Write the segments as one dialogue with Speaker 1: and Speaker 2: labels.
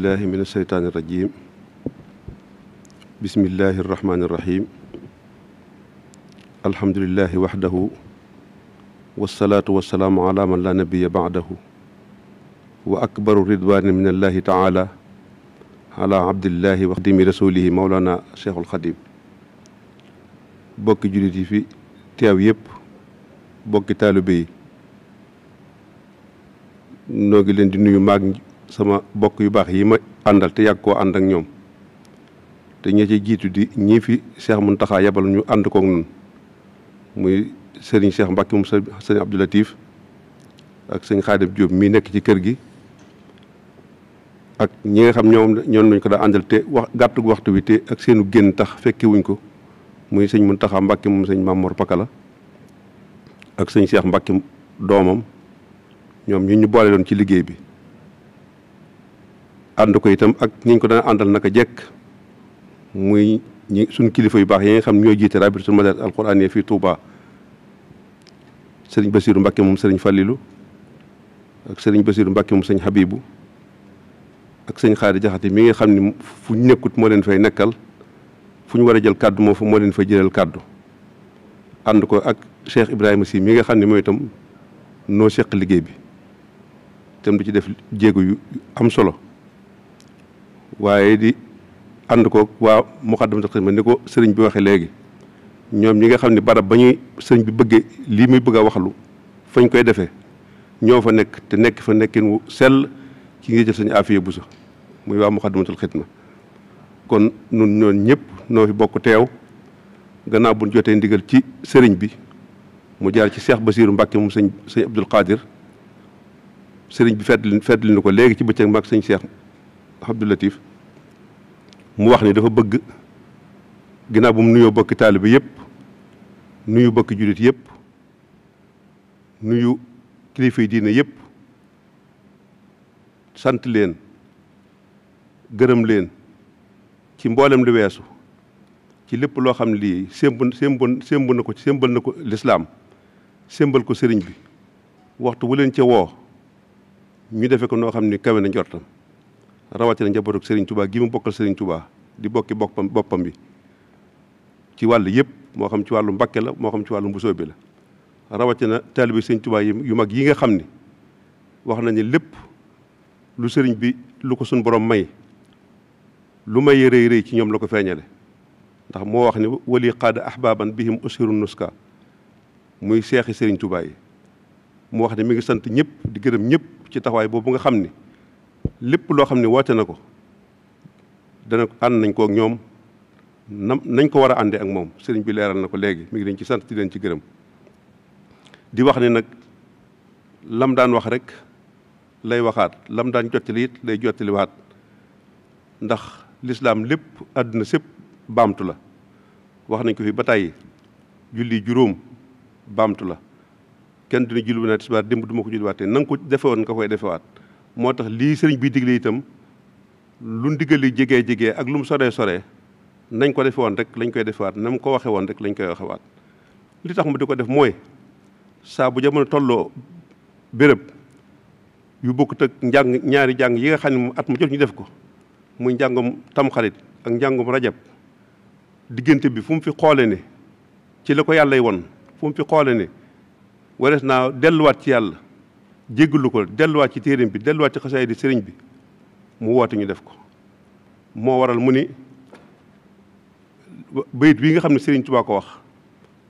Speaker 1: billahi min asheytaani irajim bismillahi irrahmani irrahim alhamdulilahi waxdahu wasalaatu wasalaamu ala man la nabiya baadahu wa akbaru ridwaani min allahi taala ala abdillahi wa xadimi rasulihi maulana cheikhul xadim bokki jullit yi fi teew yëpp bokki taalibe yi noo ngi leen di nuyu maag sama bokk yu baax yi ma àndal te yàgg koo ànd ak ñoom te ñi ci jiitu di ñii fi seex Cheikh Mountakha yebal ñu ànd koog nun muy sëriñ Cheikh Mbacke mu sëriñ Abdou Latif ak sëñ Xaadim Diop mii nekk ci kër gi ak ñi nga xam ñoom ñoon lañ ko daa àndal te wax gàttu waxtu wi te ak seenu génn tax fekke wuñ ko muy sëñ Mountakha Mbacke mu sëñ Mamour Pakala ak sëñ Cheikh Mbacke doomam ñoom ñu ñu boole doon ci liggéey bi ànd ko itam ak ñi ko daan àndal naka jekk muy ñi suñ kilifa yu baax yi nga xam ñoo jiite rabitatul madaris alquraaniyya fii Touba sëriñ Basiiru Mbàkke moom sëriñ Fàllilu ak sëriñ Basiiru Mbàkke moom sëñ Habibu ak sëñ Xaari Jaxate mi nga xam ni fu ñu nekkut moo leen fay nekkal fu ñu war a jël kàddu moo fa moo leen fay jëlal kàddu ànd ko ak Cheikh Ibrahima si mi nga xam ne mooy itam noo seq liggéey bi itam du ci def jéego yu am solo waaye di ànd ko waa Moukhaddamatoul Khidma ni ko sëriñ bi waxee léegi ñoom ñi nga xam ne barab ba ñuy sëriñ bi bëggee lii muy bëgg a waxlu fañ koy defee ñoo fa nekk te nekk fa nekkin wu sel ci ngi jël sañ afiya bu sa muy waa Moukhaddamatoul Khidma kon nun ñoon ñëpp noo fi bokk teew gannaaw buñ jotee ndigal ci sëriñ bi mu jaar ci Cheikh Basiiru Mbàkke moom sëñ sëñ Abdul Qadir sëriñ bi feddli feddli nu ko léegi ci bëccëg mag sëñ Cheikh Abdou Latif mu wax ni dafa bëgg ginnaaw bu mu nuyoo bokki taalibe yëpp nuyu bokki jullit yépp nuyu kilifa yi diine yëpp sant leen gërëm leen ci mboolem lu weesu ci lépp loo xam lii sémb sémb sémb na ko sémbal na ko lislaam sémbal ko sëriñ bi waxtu wu leen ca woo ñu defe ko noo xam ni kawe na njortam rawatina njabootug sëriñ Touba gi mu bokkal Serigne Touba di bokki boppam boppam bi ci wàll yëpp moo xam ci wàllu Mbàkke la moo xam ci wàllu Mbusoo bi la rawatina taalibe Serigne Touba yu mag yi nga xam ni wax nañu lépp lu sëriñ bi lu ko suñ borom may lu may rëy rëy ci ñoom la ko feeñale ndax moo wax ni wali qaada ahbaban bihim usiru nuska muy seex Serigne Touba mu wax ne mi ngi sant ñëpp di gërëm ñëpp ci taxawaay boobu nga xam ni lépp loo xam ne woote na ko dana ànd nañ ko ñoom nam nañ ko war a àndee ak moom sëriñ bi leeral na ko léegi mu ngi leen ci sant di leen ci gërëm di wax ne nag lam daan wax rek lay waxaat lam daan jottali it lay jottali waat ndax lislaam lépp àdduna sépp baamtu la wax nañ ko fi ba tàyyi julli juróom baamtu la kenn dina julli naa tisbaar démb du ma ko julliwaatee na nga ko defewoon nga koy defewaat moo tax lii sëriñ bi digle itam lu ndigal li jege jege ak lu mu sore sore nañ ko defe woon rek lañ koy defewaat na mu ko waxe woon rek lañ koy waxewaat li tax mu di ko def mooy saa bu jamono tolloo béréb yu bokkut ak njàng ñaari jàng yi nga xam ne at mu jot ñu def ko muy njàngum tamxarit ak njàngum rajab diggante bi fu mu fi xoole ne ci la ko yàlla yi woon fu mu fi xoole ni warees naa delluwaat ci yàlla jéggalu ko delluwaat ci téeréem bi delluwaat ci xasaay di sëriñ bi mu woote def ko moo waral mu ni bayit bii nga xam ne sëriñ Tuubaa ko wax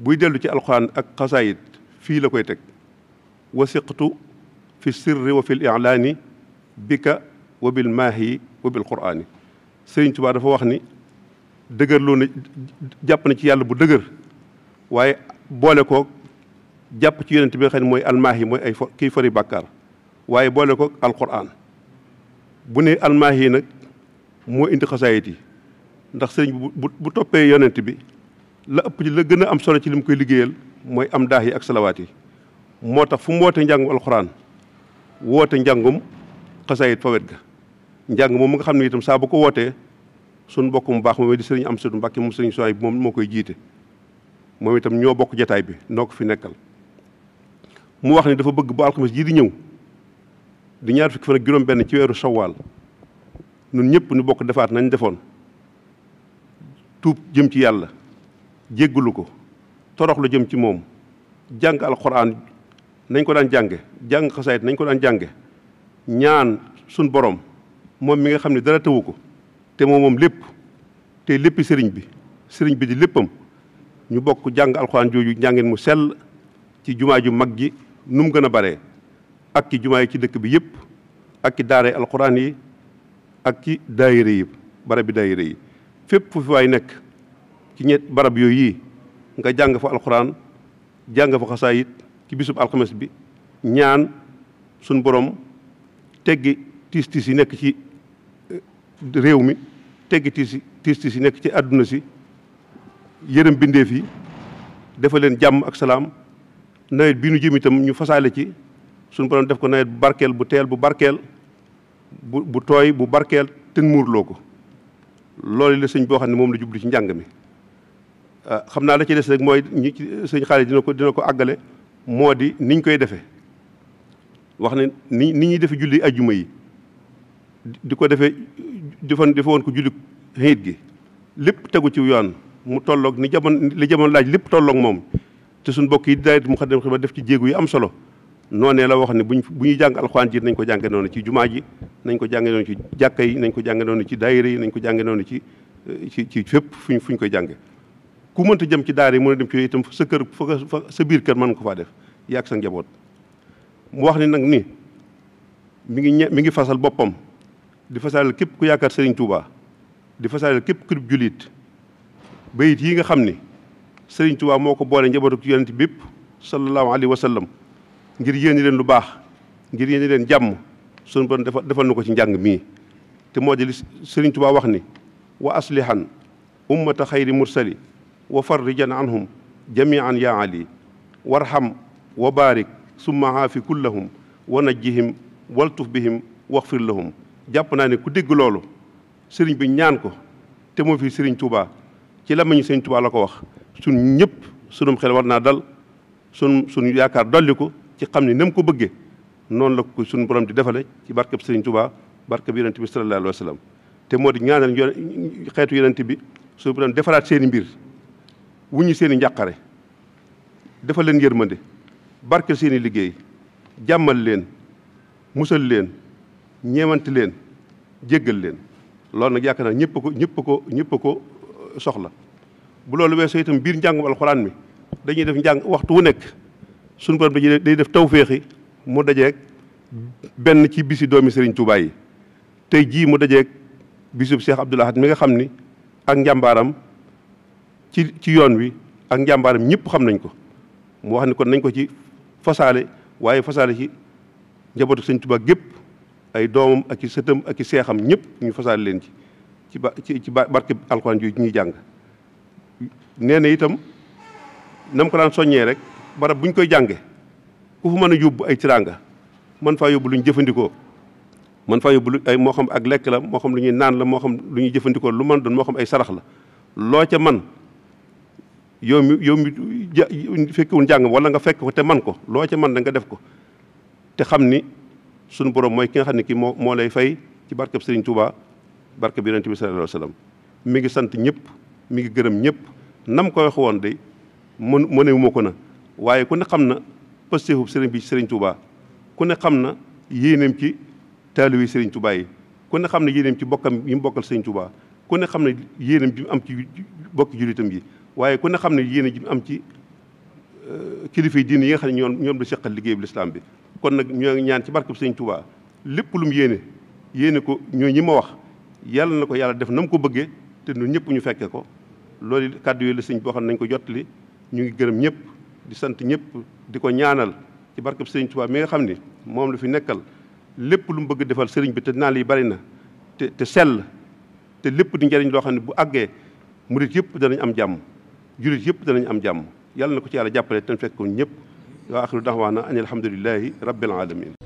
Speaker 1: buy dellu ci alxuraan ak xasaayit fii la koy teg wasiqtu fi sirri wa fil ilaani bika wa bil maahi wa bil quraani sëriñ Tuubaa dafa wax ni dëgër loo jàpp na ci yàlla bu dëgër waaye boole koog jàpp ci yonent bi nga xam mooy mooy yi mooy ay kii fari bàkkaar waaye boole ko alquran bu ne almaahi nag moo indi xasaayit yi ndax sëriñ bu bu toppee yonent bi la ëpp ci la gën a am solo ci lim koy liggéeyal mooy am daax yi ak salawaat moo tax fu mu woote njàngum alquran woote njàngum xasaayit fa wet ga njàng moom mu nga xam ne itam saa bu ko wootee sun mbokk mu baax moom di am sëriñ Mbàkke moom sëriñ Suwaay bi moom moo koy jiite moom itam ñoo bokk jataay bi noo ko fi nekkal mu wax ni dafa bëgg bu alxames jii di ñëw di ñaar fukki fan ak juróom-benn ci weeru sawaal ñun ñëpp ñu bokk defaat nañu defoon tuub jëm ci yàlla jéggalu ko torox lu jëm ci moom jàng alxuraan nañ ko daan jànge jàng xasaayit nañ ko daan jànge ñaan suñ borom moom mi nga xam ne dara tëwu ko te moom moom lépp te léppi sëriñ bi sëriñ bi di léppam ñu bokk jàng alxuraan jooju njàngin mu sel ci jumaa ju mag ji nu mu gën a bare ak ci jumaa yi ci dëkk bi yëpp ak ci daara alquran yi ak ci daayira yi barab bi daayira yi fépp foofu waay nekk ci ñett barab yooyu nga jàng fa alxuraan jàng fa xasaayit ci bisub alxames bi ñaan suñ borom teggi tiis tiis yi nekk ci eh, réew mi teggi tiis tiis yi nekk ci àdduna si yërëm bindeef yi dafa leen jàmm ak salaam nawet bii nu jëm itam ñu fasaale ci suñu borom def ko nawet bu barkeel bu teel bu barkeel bu bu tooy bu barkeel te muurloo ko loolu la sëñ boo xam ne moom la jublu ci njàng mi ah, xam naa la ci des rek mooy ñi ci sëñ xaalis dina ko dina ko àggale moo di niñ koy defee wax ne ni ni ñuy defe julli juma yi di ko defee difan dafa woon ko julli xiit gi lépp tegu ci yoon mu tollook ni jamono li jamono laaj lépp tollook moom te suñ mbokk yi daayira Muxaddam Xidma def ci jéego yu am solo noonee la wax ne buñ bu ñuy jàng alxuraan ji nañ ko jànge noonu ci jumaa ji nañ ko jànge noonu ci jàkka yi nañ ko jànge noonu ci daayira yi nañ ko jànge noonu ci eh, ci ci fépp fuñ fuñ koy jànge ku mënta jëm ci daar yi mën a dem ci itam sa kër fa sa biir kër man ko faa def yàgg sa njaboot mu wax ni nag ni mu ngi ñe mi ngi fasal boppam di fasalal képp ku yaakaar Serigne Touba di fasal képp ku jullit bayit yi nga xam ni sëriñ Tuubaa moo ko boole njabootu yonent bépp sallallahu alayhi wa sallam ngir yéene leen lu baax ngir yéene leen jàmm suñu borom defal defal ko ci njàng mii te moo di li sëriñ Tuubaa wax ni wa aslihan ummata xayri mursali wa farrijan anhum jamian yaa ali warham wa barik summa haafi kullahum wa najjihim waltuf bihim waxfir lahum jàpp naa ne ku dégg loolu sëriñ bi ñaan ko te moo fi sëriñ Tuubaa ci lamañu sëriñ Tuubaa la ko wax suñ ñëpp sunum xel war naa dal sun suñu yaakaar dolli ko ci xam ne ni ko bëggee noonu la ko suñu borom di defale ci barkeb Sëriñ Tuubaa barkeb yonent bi sallallahu alayhi wa sallam te moo di ñaanal xeetu yonent bi suñu defaraat seeni mbir wuñu seeni i njàqare defal leen yërmande barkel seen liggéey jàmmal leen musal leen ñeewante leen jéggal leen loolu nag yaakaar naa ñëpp ko ñëpp ko ñëpp ko soxla bu loolu weesoo itam biir njàngum alxuraan mi dañuy def njàng waxtu wu nekk suñu borom dañuy day def tawféexi mu dajeeg benn ci bisi doomi Serigne Touba yi tey jii mu dajeeg bisub Cheikh Abdoul Ahad mi nga xam ni ak njàmbaaram ci ci yoon wi ak njàmbaaram ñëpp xam nañ ko mu wax ni kon nañ ko ci fasaale waaye fasaale ci njabootu Serigne Touba gépp ay doomam ak i sëtam ak i seexam ñëpp ñu fasaale leen ci ci ba ci barke alxuraan jooju ñuy jàng nee na itam na mu ko daan soññee rek barab buñ koy jànge ku fu mën a yóbbu ay tiraanga mën faa yóbbu lu ñu jëfandikoo mën faa yóbbu lu ay moo ak lekk la moo lu ñuy naan la moo xam lu ñuy jëfandikoo lu man doon moo xam ay sarax la loo ca man yow mi yow mi ja wala nga fekk ko te man ko loo ca man da nga def ko te xam ni sunu borom mooy ki nga xam ne kii moo moo lay fay ci barkeb Serigne Touba barkeb Yonent bi sallallahu alayhi wa sallam mi ngi sant ñëpp mi ngi gërëm ñëpp nam ko wax woon de mën mënewuma ko na waaye ku ne xam na pëstéefub sëriñ bi sëriñ Touba ku xam na yéeneem ci taalibe sëriñ Touba yi ku ne xam ne yéeneem ci bokkam yi bokkal sëriñ Touba ku ne xam ne yéeneem ji mu am ci bokki jullitam yi waaye ku xam ne yéene ji mu am ci euh, kilifa yi diine yi nga xam ñoom ñoom la liggéey bu bi kon nag ñaan ci barkeb sëriñ Touba lépp lum mu yéene yéene ko ñoo ñi ma wax yàlla na ko yàlla def na ko bëggee te ñun ñëpp ñu fekke ko loolu kàddu yi la sëñ boo xam nañ ko jottali ñu ngi gërëm ñëpp di sant ñëpp di ko ñaanal ci barkab sëriñ Tuubaa mi nga xam ni moom la fi nekkal lépp lu mu bëgg defal sëriñ bi te naan yi bari na te te sell te lépp di njariñ loo xam ne bu àggee murit yëpp danañ am jàmm julit yëpp danañ am jàmm yàlla na ko ci yàlla jàppale te fekk ko ñëpp wa axiru daxwaana an alhamdulilahi rabbil alamin